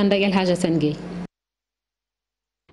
ànd ak El Hadj Assane Gueye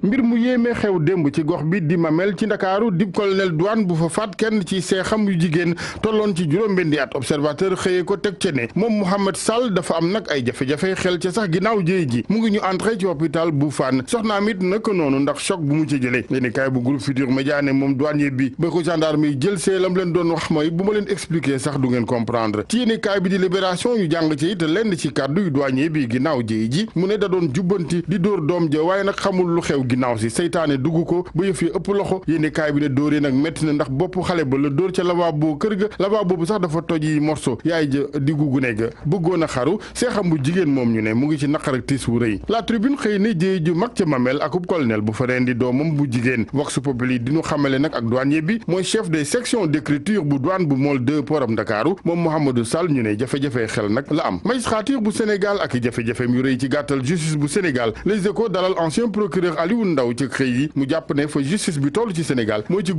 mbir mu yéeme xew démb ci gox bi di Mamel ci ndakaaru di colonel douane bu fa faat kenn ci seexam yu jigéen tolloon ci juróom-benni at observateur xëyee ko teg ca ne moom Mouhamed Sall dafa am nag ay jafe-jafe xel ca sax ginnaaw jéey ji mu ngi ñu entré ci hôpital bu Fann soxnaam it naka noonu ndax choc bu mu ci jëlee yéeni kaay bu groupe Futurs Médias moom douanier bi ba ko gendarme yi jël seelam leen doon wax mooy bu ma leen expliquer sax du ngeen comprendre ci yéeni kaay bi di yu jàng ci it lenn ci kàddu yu douanier bi ginnaaw jéey ji mu ne da doon jubbanti di dóor doom ja waaye nag xamul lu xew ginnaaw si seytaane dugg ko ba yëf yi ëpp loxo yéene kaay bi ne dóor yi nag métti na ndax bopp xale ba la dóor ca lavabo kër ga lavabo bu sax dafa toj yi morso yaay ja diggu gune ga bëggoon a xaru seexam bu jigéen moom ñu ne mu ngi ci naqar ak tiis wu rëy la tribune xëy na jéey ju mag ca mamel akub colonel bu fa rendi doomam bu jigéen vox populi diñu xamale nag ak douanier bi mooy chef de section d'écriture bu douane bu mool 2 poram Ndakaaru moom Mouhamadou Sall ñu ne jafe xel nag la am magistrature bu Sénégal ak jafe-jafeem yu rëy ci gàttal justice bu Sénégal les bàyyiwul ndaw ci xëy yi mu jàpp ne fa justice bi toll ci Sénégal mooy ci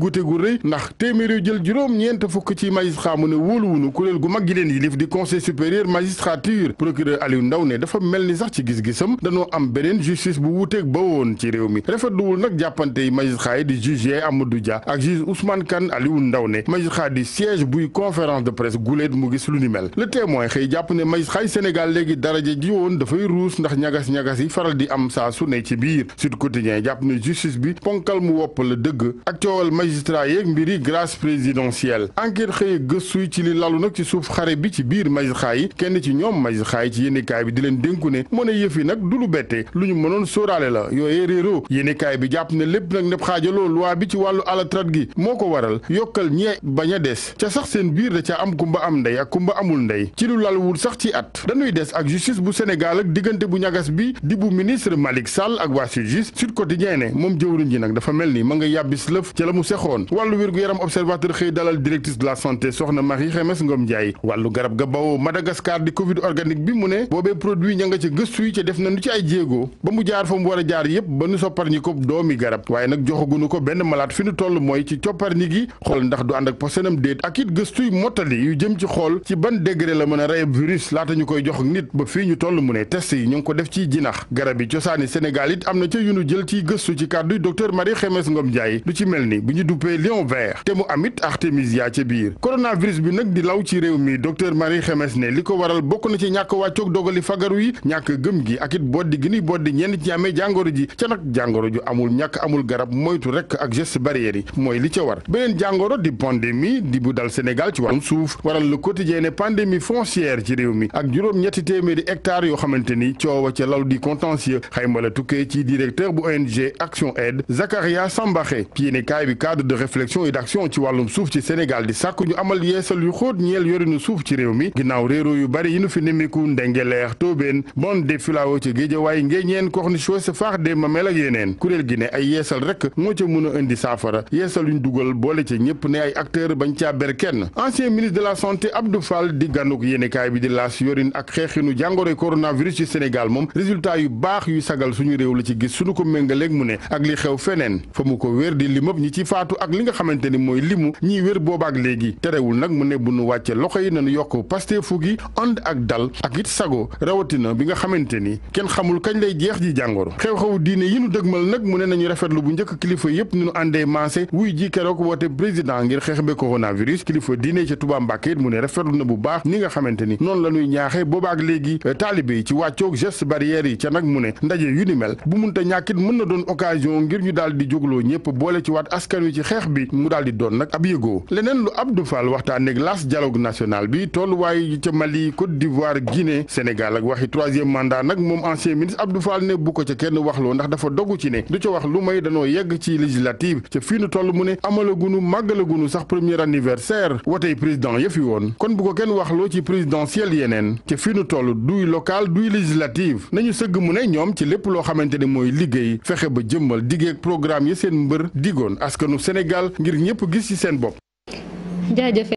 dafa mel ni sax ci gis-gisam danoo am beneen justice bu wuuteeg ba woon ci réew mi rafetluwul nag jàppante yi magistrat yi di juge Amadou Dia ak juge Ousmane Kane Aliou Ndao ne magistrat di siège buy conférence de presse guléet mu gis lu ni mel le témoin xëy jàpp ne magistrat yi Sénégal léegi daraja ji woon dafay ruus ndax ñagas-ñagas yi faral di am saa su ci biir Sud Quotidien Dieng jàpp ne justice bi ponkal mu wopp la dëgg ak coowal magistrat yeeg mbiri grâce présidentielle enquête xëye gëstuy ci li lalu nag ci suuf xare bi ci biir magistrat yi kenn ci ñoom magistrat yi ci yéenekaay bi di leen dénku ne mën a yëf yi nag du lu bette lu ñu mënoon sóoraale la yooyee réeroo yéenekaay bi jàpp na lépp nag nepp xaajaloo loi bi ci wàllu alatrat gi moo ko waral yokkal ñee bañ a des ca sax seen biir da ca am kumba am ndey ak kumba amul ndey ci lu laluwul sax ci at dañuy des ak justice bu Sénégal diggante bu ñagas bi di bu ministre Sud Quotidien ne moom jëwriñ ji nag dafa mel ni ma nga yàbbis lëf ca la mu sexoon wàllu wér-gu-yaram observateur xëy dalal directrice de la santé soxna Marie Xemes Ngom Ndiaye wàllu garab ga bawoo Madagascar di covid organique bi mu ne boobee produit ña ca gëstu yi ca def na nu ci ay jéego ba mu jaar fa mu war a jaar yépp ba nu sopparñi ko doomi garab waaye nag joxagunu ko benn malaat fi nu toll mooy ci copparñi gi xool ndax du ànd ak posenam déet la mën koy jox nit ba fii ñu mu ko def ci jël ci gëstu ci kàddu docteur Marie Xemes Ngom Ndiaye ci mel ni bu ñu duppee lion vert te mu amit artémisia ca biir coronavirus bi nag di law ci réew mi docteur Marie Xemes ne li ko waral bokk na ci ñàkk wàccoog dogali fagaru yi ñàkk gëm gi ak it boddi gi ni boddi ñenn ci amee jàngoro ji ca nag jàngoro ju amul ñàkk amul garab moytu rek ak geste barrière mooy li ca war beneen jàngoro di pandémie di bu dal Sénégal ci wàllum suuf waral le quotidien ne pandémie foncière ci réew mi ak juróom-ñetti téeméeri hectares yoo xamante ni coowa ca lalu di contentieux la tukkee ONG Action Aid Zakaria Sambaxe yéenekaay bi cadre de réflexion et d'action ci wàllum suuf ci Sénégal di sàkku ñu amal yeesal yu xóot ñeel yorinu suuf ci réew mi ginnaaw réero yu bari yi nu fi nemiku ndengeleer toobeen bon de filao ci Géejawaay ngéeñeen Corniche faax de Mamel ak yeneen kuréel gi ne ay yeesal rek moo ca mën a indi saafara yeesal yuñ dugal boole ca ñëpp ne ay acteur bañ caa ber ancien ministre de la santé Abdou Fall di gànnuk yéenekaay bi di laas yorin ak xeexinu méngaleeg mu ne ak li xew feneen fa mu ko wér di limab ñi ci faatu ak li nga xamante mooy limu ñiy wér boobaak léegi terewul nag mu ne bu nu wàcce loxo yi nañu yokk Pastef gi ànd ak dal ak it sago rawatina bi nga xamante ni kenn xamul kañ lay jeex ji jàngoro xew-xewu diine yi nu dëgmal nag mu ne nañu rafetlu bu njëkk kilifa yëpp nu nu àndee maase wuy ji keroog woote président ngir xeex be coronavirus kilifa diine ca Touba Mbàkke it mu ne rafetlu na bu baax ni nga xamante ni noonu la ñuy ñaaxee boobaak léegi eh, taalibe yi ci wàccoog geste yi ca mu mën na doon occasion ngir ñu daal di jógloo ñëpp boole ci waat askan wi ci xeex bi mu daal di doon nag ab yëgoo leneen lu Abdou waxtaan waxtaaneeg las dialogue national bi tolluwaay ca Mali Côte d'Ivoire Guinée Sénégal ak waxi troisième mandat nag moom ancien ministre Abdou Fall ne bu ko ca kenn waxloo ndax dafa doggu ci ne du ca wax lu may danoo yegg ci législative ca fii nu toll mu ne amalagunu màggalagunu sax premier anniversaire watey président yëf yi woon kon bu ko kenn waxloo ci présidentielle yeneen ca fii nu toll duy local duy législative nañu sëgg mu ne ñoom ci lépp loo xamante ne mooy liggéey fexe ba jëmmal digeeg programme yi seen mbër digoon askanu Sénégal ngir ñëpp gis ci seen bopp. jaajëf